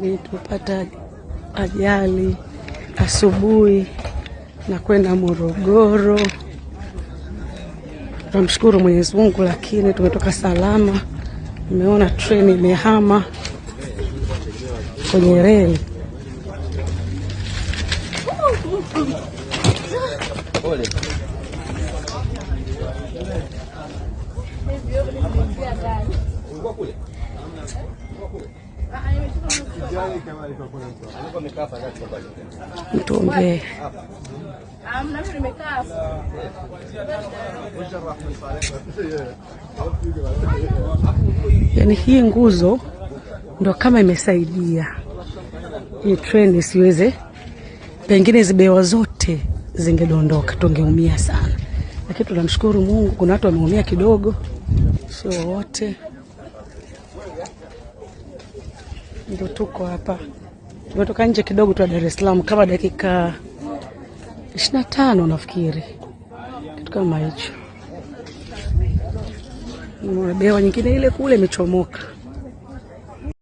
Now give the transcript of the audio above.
Nitupata ajali asubuhi na kwenda Morogoro. Tunamshukuru Mwenyezi Mungu, lakini tumetoka salama. Nimeona treni imehama kwenye reli. Mtumbee yani, hii nguzo ndo kama imesaidia hii treni isiweze, pengine zibewa zote zingedondoka, tungeumia sana, lakini tunamshukuru Mungu, kuna watu wameumia kidogo, sio wote. Ndio tuko hapa, tumetoka nje kidogo tu ya Dar es Salaam kama dakika 25 nafikiri, kitu kama hicho. Bewa nyingine ile kule imechomoka.